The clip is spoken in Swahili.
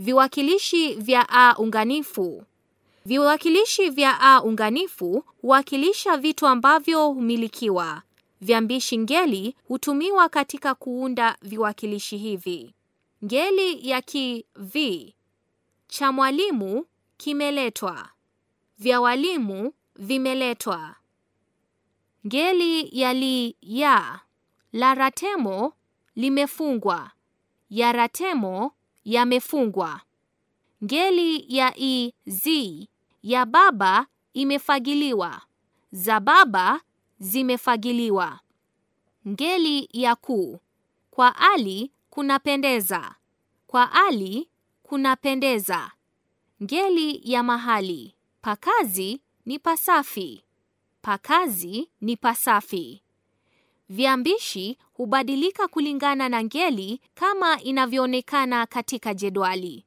Viwakilishi vya a unganifu. Viwakilishi vya a unganifu huwakilisha vitu ambavyo humilikiwa. Viambishi ngeli hutumiwa katika kuunda viwakilishi hivi. Ngeli ya ki vi, cha mwalimu kimeletwa, vya walimu vimeletwa. Ngeli ya li ya, la ratemo limefungwa, ya ratemo yamefungwa. Ngeli ya i z ya baba imefagiliwa. Za baba zimefagiliwa. Ngeli ya ku kwa ali kunapendeza. Kwa ali kunapendeza. Ngeli ya mahali pakazi ni pasafi. Pakazi ni pasafi. Viambishi hubadilika kulingana na ngeli kama inavyoonekana katika jedwali.